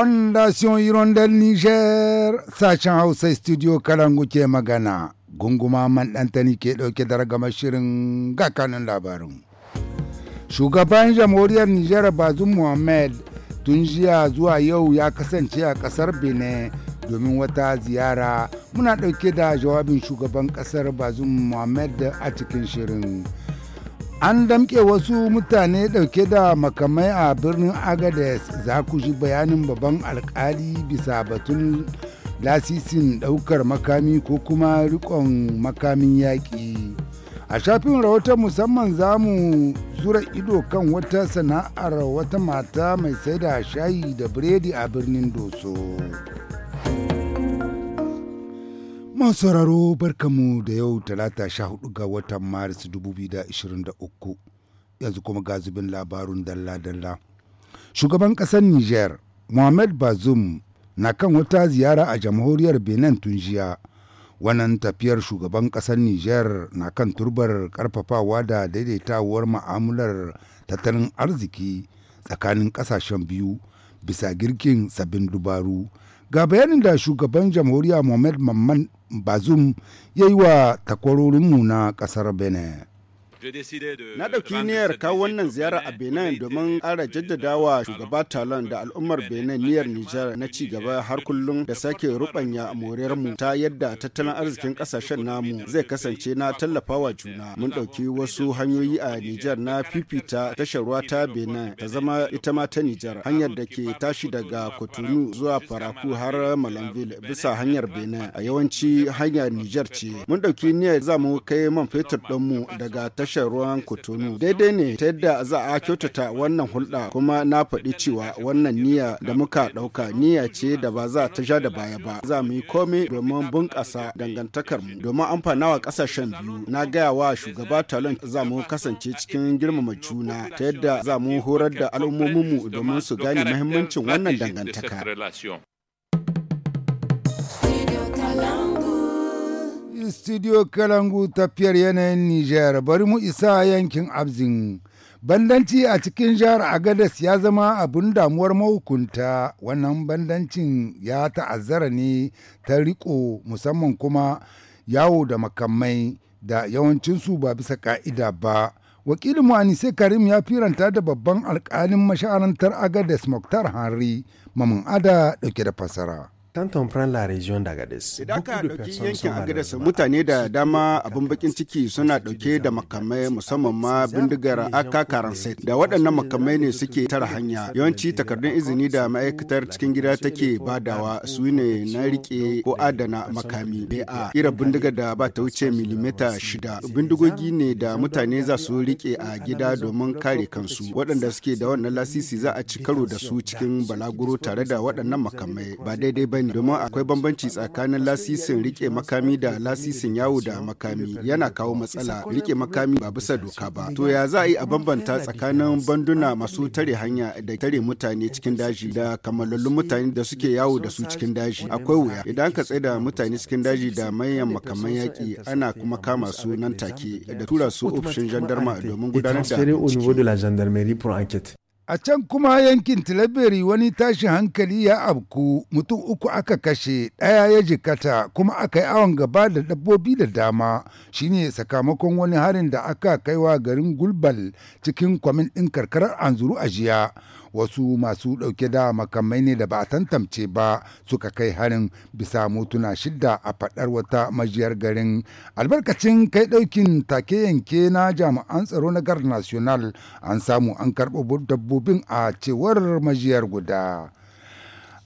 Fondation Hirondelle Niger sashen Hausa studio Kalangu ke magana gunguma man ɗantani ke ɗauke da ragamar shirin ga kanin labarin. Shugaban jamhuriyar Niger Bazum Mohamed tun jiya zuwa yau ya kasance a ƙasar Benin domin wata ziyara muna ɗauke da jawabin shugaban ƙasar Bazum Mohamed a cikin shirin. An damƙe wasu mutane ɗauke da makamai a birnin Agades za ku ji bayanin babban alkali bisa batun lasisin ɗaukar makami ko kuma riƙon makamin yaƙi. A shafin rahoton musamman za mu zura ido kan wata sana'ar wata mata mai sai da shayi da biredi a birnin Doso. sauraro barkamu da yau talata sha hudu ga watan maris 2023 yanzu kuma ga zubin labarun dalla-dalla. Shugaban ƙasar Niger, Mohamed Bazoum na kan wata ziyara a jamhuriyar Benin tun jiya. Wannan tafiyar shugaban ƙasar Niger na kan turbar karfafawa da daidaitawar ma'amular tattalin arziki tsakanin kasashen biyu bisa girkin sabbin dubaru ga bayanin da shugaban jamhuriya mohamed mamman bazum ya yi wa takwarorinmu na kasar benin Na ɗauki niyyar kawo wannan ziyara a Benin domin ƙara jaddadawa shugaba Talon da al'ummar Benin niyyar Nijar na ci gaba har kullum da sake rubanya mu ta yadda tattalin arzikin ƙasashen namu zai kasance na tallafawa juna. Mun ɗauki wasu hanyoyi a Nijar na fifita tashar ruwa ta Benin ta zama ita ma ta Nijar hanyar da ke tashi daga Kotunu zuwa Faraku har Malanville bisa hanyar Benin a yawanci hanyar Nijar ce. Mun ɗauki niyyar za mu kai man fetur ɗinmu daga tashar tashar ruwan kotunu daidai ne ta yadda za a kyautata wannan hulɗa kuma na faɗi cewa wannan niyya da muka ɗauka niyya ce da ba za ta ja da baya ba za mu yi komai domin bunƙasa dangantakar mu domin wa ƙasashen biyu na gaya wa shugaba talon za mu kasance cikin girmama juna ta yadda za mu horar da al'ummomin mu domin su gane mahimmancin wannan dangantaka studio kalangu tafiyar yanayin Nijar bari mu isa yankin Abzin. Bandanci a cikin jihar Agadez ya zama abin damuwar mahukunta wannan bandancin ya ta'azzara ne ta riko musamman kuma yawo da makamai da yawancinsu ba bisa ka'ida ba. wakilin mu'anise karim ya firanta da babban alkalin masharantar Agadez muktar hanri mamun ada dauke da fasara. Quand on la région d'Agadez, Idan ka ɗauki yankin Agadez mutane da dama abin bakin ciki suna ɗauke da makamai musamman ma bindigar aka karansa da waɗannan makamai ne suke tara hanya. Yawanci takardun izini da ma'aikatar cikin gida take badawa su ne na rike ko adana makami BA irin bindigar da ba ta wuce milimita shida. Bindigogi ne da mutane za su rike a gida domin kare kansu. Waɗanda suke da wannan lasisi za a ci karo da su cikin balaguro tare da waɗannan makamai ba daidai ba ne. domin akwai bambanci tsakanin lasisin rike makami da lasisin yawo da makami yana kawo matsala rike makami ba bisa doka ba. To ya za a yi a bambanta tsakanin banduna masu tare hanya da tare mutane cikin daji da kamalallun mutane da suke yawo da su cikin daji. Akwai wuya idan ka tsaye da mutane cikin daji da manyan makaman yaƙi ana kuma kama su nan take da tura su ofishin jandarma domin gudanar da A can kuma yankin Tilaberi wani tashin hankali ya abku mutum uku aka kashe ɗaya ya jikata kuma aka yi awon gaba da dabbobi da dama shine sakamakon wani harin da aka kaiwa garin Gulbal cikin kwamin ɗin karkarar Anzuru a jiya. wasu masu ɗauke da makamai ne da ba a tantance ba suka kai harin bisa motuna shidda a faɗar wata majiyar garin albarkacin kai ɗaukin take yanke na jami'an tsaro na gar national an samu an karɓo dabbobin a cewar majiyar guda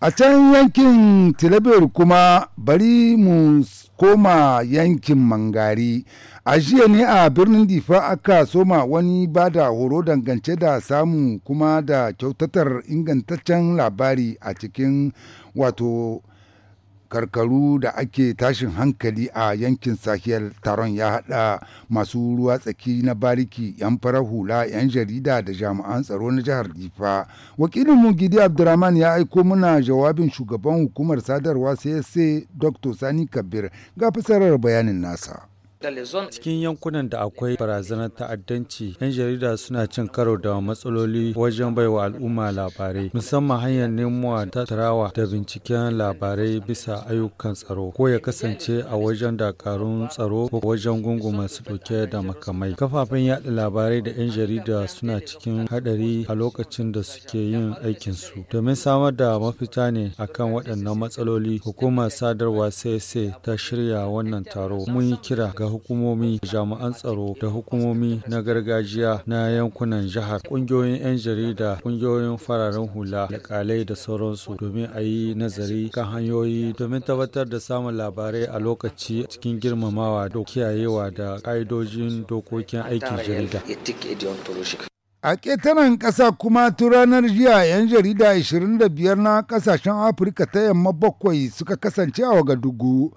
a can yankin tilabiyar kuma bari mu koma yankin mangari A jiya ne a birnin Difa aka soma wani ba da horo dangance da samu kuma da kyautatar ingantaccen labari a cikin wato karkaru da ake tashin hankali a yankin sahel taron ya hada masu ruwa tsaki na bariki yan farar hula yan jarida da jami'an tsaro na jihar difa wakilin mu gidi abdurrahman ya aiko muna jawabin shugaban hukumar sadarwa sai-sai dr sani kabir ga fasarar bayanin nasa Cikin yankunan da akwai barazanar ta'addanci, 'yan jarida suna cin karo da matsaloli wajen baiwa al'umma labarai, musamman hanyar nemuwa tattarawa da binciken labarai bisa ayyukan tsaro, ko ya kasance a wajen dakarun tsaro ko wajen gungu masu ɗauke da makamai. Kafafen yaɗa labarai da 'yan jarida suna cikin haɗari a lokacin da suke yin aikinsu. Domin samar da mafita ne akan waɗannan matsaloli, hukumar sadarwa sai ta shirya wannan taro. Mun yi kira ga hukumomi jami'an tsaro da hukumomi na gargajiya na yankunan jihar ƙungiyoyin 'yan jarida ƙungiyoyin fararen hula alƙalai da sauransu domin a yi nazari kan hanyoyi domin tabbatar da samun labarai a lokaci cikin girmamawa da kiyayewa da ka'idojin dokokin aikin jarida. A ƙetaren ƙasa kuma tun ranar jiya 'yan jarida 25 na ƙasashen Afirka ta yamma bakwai suka kasance a Wagadugu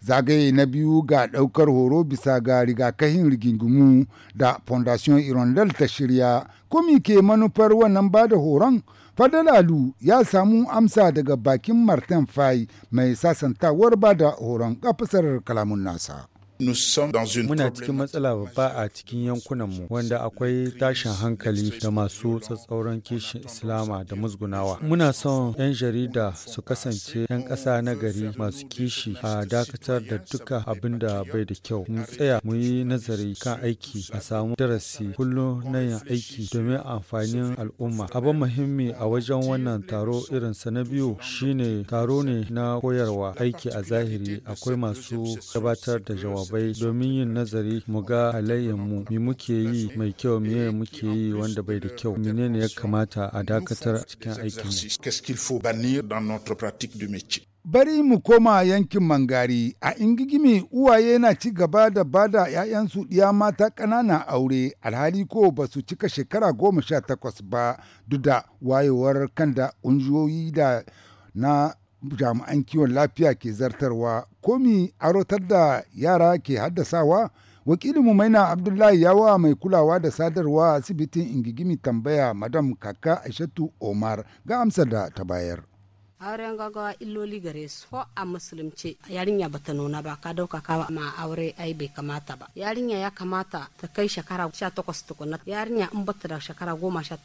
zagaye na biyu ga ɗaukar horo bisa ga rigakafin rigingimu da fondation irondel ta shirya komi ke manufar wannan ba da horon fadalalu ya samu amsa daga bakin martin fai mai sasantawar ba da horon kafisar kalamun nasa Muna cikin matsala babba a cikin yankunanmu wanda akwai tashin hankali da masu tsatsauran kishin Islama da musgunawa. Muna son 'yan jarida su kasance 'yan ƙasa na gari masu kishi a dakatar da duka abin da bai da kyau. Mu tsaya mu yi nazari kan aiki a samu darasi kullum na yin aiki domin amfanin al'umma. Abin muhimmi a wajen wannan taro irin irinsa na biyu shine taro ne na koyarwa aiki a zahiri akwai masu gabatar da jawabi. bai domin yin nazari mu ga mu mi muke yi mai kyau me muke yi wanda bai da kyau menene ya kamata a dakatar cikin aikin Bari mu koma yankin Mangari a Ingigimi uwaye na ci gaba da bada 'ya'yansu ɗiya mata ƙanana aure alhali ko ba su cika shekara goma sha takwas ba duk da wayewar kan da ƙungiyoyi da na jami'an kiwon lafiya ke zartarwa komi arotar da yara ke haddasawa wakilin mu maina abdullahi yawa mai kulawa da sadarwa asibitin ingigimi tambaya madam kaka aishatu omar ga amsar da ta bayar auren gagawa illoli gare su ko a musulunci. yarinya bata nuna ba ka dauka ka ma aure ai bai kamata ba yarinya ya kamata ta kai shekara 18 tukunna yarinya in bata da shekara 18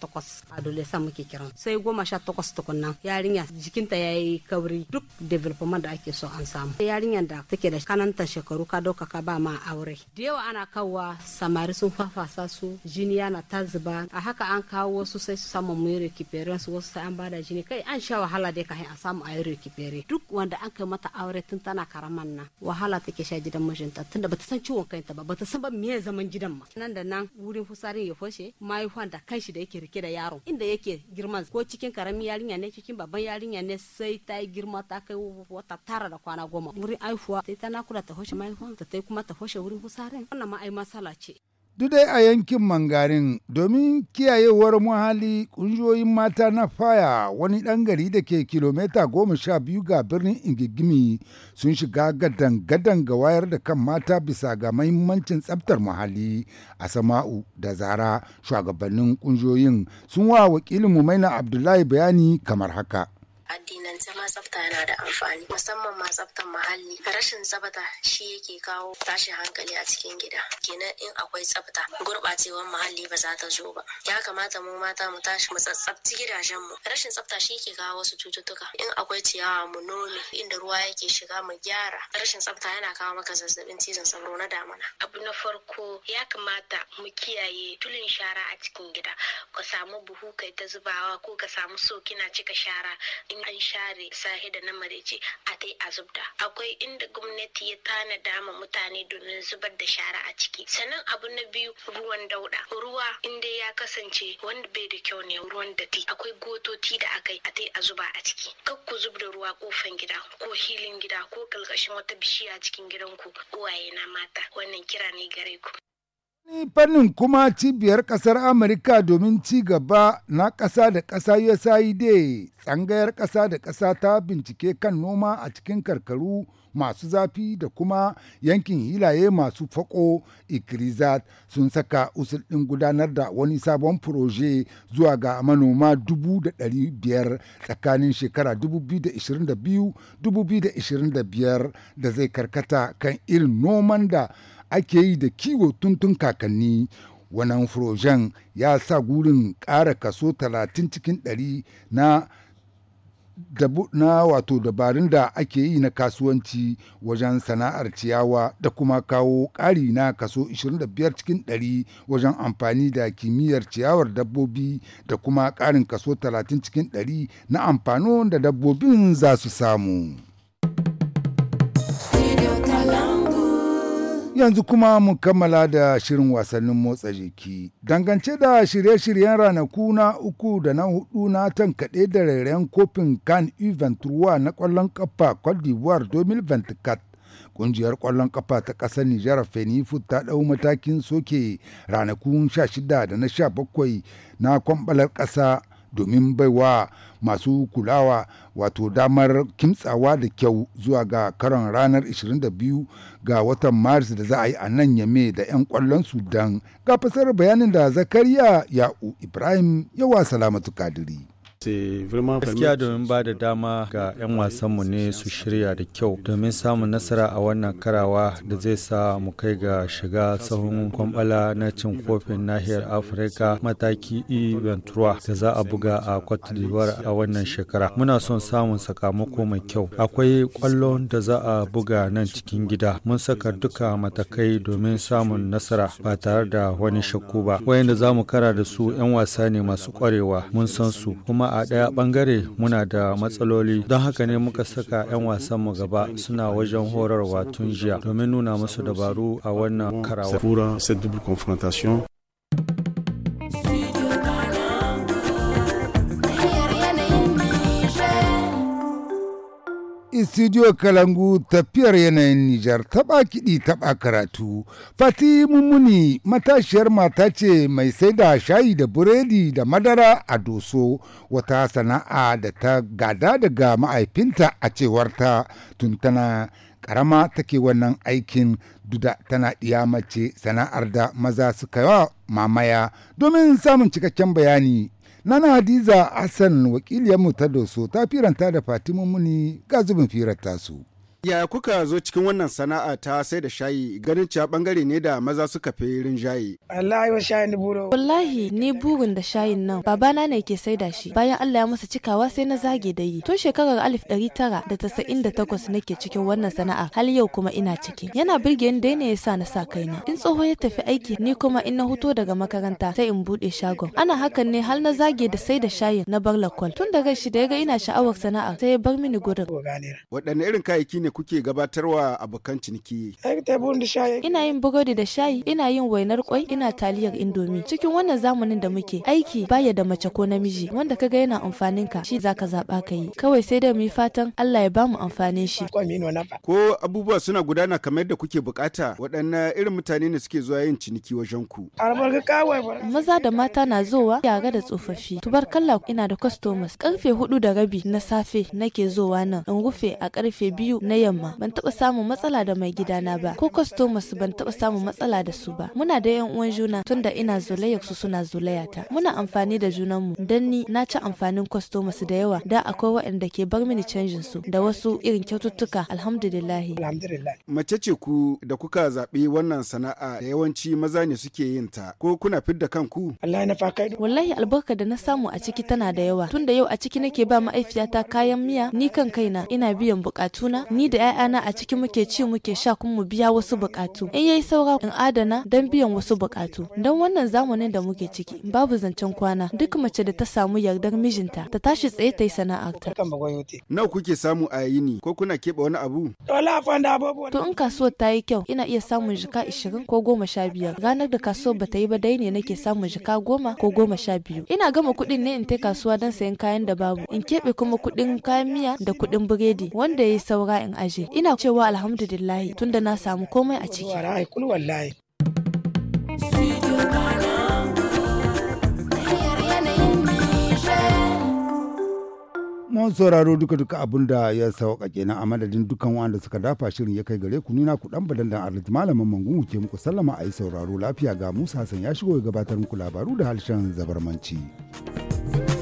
adolescent muke kiran sai 18 tukunna yarinya jikinta ya yi kauri duk development da ake so an samu yarinyar da take da kananta shekaru ka dauka ka ba ma aure da yawa ana kawwa samari sun fafasa su jini yana ta zuba a haka an kawo wasu sai su samu mu recuperations wasu sai an bada jini kai an sha wahala dai ka kahin a samu a yi duk wanda an kai mata aure tun tana karaman nan wahala take sha gidan mijinta tunda bata san ciwon kanta ba bata san ba me zaman gidan ma nan da nan wurin fusarin ya fashe mahaifan da kanshi da yake rike da yaron inda yake girman ko cikin karamin yarinya ne cikin babban yarinya ne sai ta yi girma ta kai wata tara da kwana goma wurin aifuwa sai ta nakula ta hoshe mahaifan ta kuma ta hoshe wurin fusarin wannan ma ai masala ce dai a yankin mangarin domin kiyayewar muhalli kungiyoyin mata na faya wani ɗan gari da ke kilomita goma sha biyu ga birnin ingigimi sun shiga gadan-gadan ga wayar da kan mata bisa ga mahimmancin tsabtar muhalli a sama'u da zara shugabannin kungiyoyin sun wa wakilin maina abdullahi bayani kamar haka addinance ma tsafta yana da amfani musamman ma tsaftan muhalli rashin tsafta shi yake kawo tashin hankali a cikin gida kenan in akwai tsafta gurɓacewar muhalli ba za ta zo ba ya kamata mu mata mu tashi mu tsaftace gidajen mu rashin tsafta shi yake kawo wasu cututtuka in akwai ciyawa mu nome inda ruwa yake shiga mu gyara rashin tsafta yana kawo maka zazzabin cizon sauro na damana abu na farko ya kamata mu kiyaye tulin shara a cikin gida ka samu buhu kai ta zubawa ko ka samu so kina cika shara in an share sahi da na Maraice a ta a zubda akwai inda gwamnati ya tana dama mutane domin zubar da shara a ciki sannan abu na biyu ruwan dauda ruwa inda ya kasance wanda bai da kyau ne ruwan datti akwai gototi da akai a ta a zuba a ciki kar ku zub da ruwa kofan gida ko hilin gida ko kalkashin wata bishiya cikin gidanku uwaye na mata wannan kira ne gare ku fannin kuma cibiyar kasar amurka domin ci gaba na kasa da ƙasa usaid tsangayar kasa da kasa ta bincike kan noma a cikin karkaru masu zafi da kuma yankin hilaye masu fako ikrizat sun saka usul ɗin gudanar da wani sabon furoje zuwa ga manoma 500,000 tsakanin shekara 2022-2025 da zai karkata kan irin noman da ake yi da kiwo tuntun kakanni wannan furojen ya sa gurin ƙara kaso 30 cikin 100 na na wato dabarun da ake yi na kasuwanci wajen sana'ar ciyawa da kuma kawo ƙari na kaso 25 cikin 100 wajen amfani da kimiyyar ciyawar dabbobi da kuma ƙarin kaso 30 cikin 100 na amfanin da dabbobin za su samu. Yanzu kuma mu kammala da shirin wasannin motsa jiki. Dangance da shirye-shiryen ranaku na uku da na hudu na tankaɗe da rairayen kofin kan Juventus na ƙwallon ƙafa Cote d'Ivoire 2024. Ƙungiyar ƙwallon ƙafa ta ƙasar Nijar Fenifu ta ɗau matakin soke ranakun 16 da na 17 na kwamɓalar ƙasa domin baiwa masu kulawa wato damar kimtsawa da kyau zuwa ga karon ranar 22 ga watan maris da za a yi a nan yame da 'yan kwallon sudan ga fasar bayanin da zakariya ya'u ibrahim yawa salamatu kadiri Gaskiya domin ba da dama ga 'yan wasanmu ne su shirya da kyau domin samun nasara a wannan karawa da zai sa mu kai ga shiga sahun kwambala na cin kofin nahiyar Afirka mataki E Ventura da za a buga a Cote a wannan shekara. Muna son samun sakamako mai kyau. Akwai kwallon da za a buga nan cikin gida. Mun saka duka matakai domin samun nasara ba tare da wani shakku ba. Wayanda za mu kara da su 'yan wasa ne masu kwarewa. Mun san su kuma a ɗaya ɓangare muna da matsaloli don haka ne muka saka 'yan mu gaba suna wajen horarwa tun jiya domin nuna musu dabaru a wannan karawa. Studio Kalangu tafiyar yanayin Nijar taɓa kiɗi taɓa karatu. Fati Mummuni matashiyar mata ce mai saida shayi da buredi da madara a doso wata sana'a da ta gada daga ma'aifinta a cewarta tun tana karama take wannan aikin duda tana ɗiya mace sana'ar da maza suka wa mamaya domin samun cikakken bayani Nana Hadiza Hassan wakiliyarmu ta doso ta firanta da Fatima Muni ga zubin firar tasu. Ya kuka zo cikin wannan sana'a ta sai da shayi ganin cewa bangare ne da maza suka fi rinjaye? Allah Wallahi ni burin da shayin nan babana ne ke saida shi. Bayan Allah ya masa cikawa sai na zage da yi. Tun shekarar alif ɗari tara da da nake cikin wannan sana'a har yau kuma ina ciki. Yana birge ni dai ne yasa na sa kaina. In tsoho ya tafi aiki ni kuma in na huto daga makaranta sai in buɗe shagon. Ana hakan ne har na zage da sai shayin na bar lakwal. Tun da shi da ya ga ina sha'awar sana'a sai ya bar mini gurin. Waɗanne irin kayayyaki ne kuke gabatarwa a bakan ciniki? Ina yin burodi da shayi, ina yin wainar kwai, ina taliyar indomi. Cikin wannan zamanin da muke, aiki baya da mace ko namiji, wanda kaga yana amfanin ka shi zaka zaba ka yi. Kawai sai da mu fatan Allah ya bamu amfanin shi. Ko abubuwa suna gudana kamar yadda kuke bukata, waɗanne irin mutane ne suke zuwa yin ciniki wajen ku? Maza da mata na zowa, yara da tsofaffi. Tubarkalla ina da customers. Karfe hudu da rabi na safe nake zowa nan, in rufe a karfe biyu na yamma ban taɓa samun matsala da mai gidana ba ko customers ban taɓa samun matsala da su ba muna da yan uwan juna tunda ina zolayar su suna zolayata muna amfani da junanmu dan ni na ci amfanin customers da yawa da akwai waɗanda ke bar mini canjin su da wasu irin kyaututtuka alhamdulillah mace ce ku da kuka zaɓi wannan sana'a da yawanci maza ne suke yin ta ko kuna fidda kanku wallahi na wallahi albarka da na samu a ciki tana da yawa tunda yau a ciki nake ba ma'aifiyata kayan miya ni kan kaina ina biyan bukatuna ni da 'ya'yana a ciki muke ci muke sha kuma mu biya wasu bukatu in yayi saura in adana dan biyan wasu bukatu dan wannan zamanin da muke ciki babu zancen kwana duk mace da ta samu yardar mijinta ta tashi tsaye ta yi sana'arta nawa kuke samu a yini ko kuna keɓe wani abu to in kasuwar ta yi kyau ina iya samun jika ishirin ko goma sha biyar ranar da kasuwar bata yi ba dai ne nake samun jika goma ko goma sha biyu ina gama kuɗin ne in ta kasuwa don sayan kayan da babu in keɓe kuma kuɗin kayan miya da kuɗin biredi wanda ya yi saura in aje ina cewa alhamdulillahi tunda na samu komai a ciki mun sauraro duka duka abin da ya sauka kenan a madadin dukan wanda suka dafa shirin ya kai gare ku nuna ku dan badan da arziki malamin mangungu ke muku sallama a yi sauraro lafiya ga Musa Hassan ya shigo ya gabatar muku labaru da harshen zabarmanci.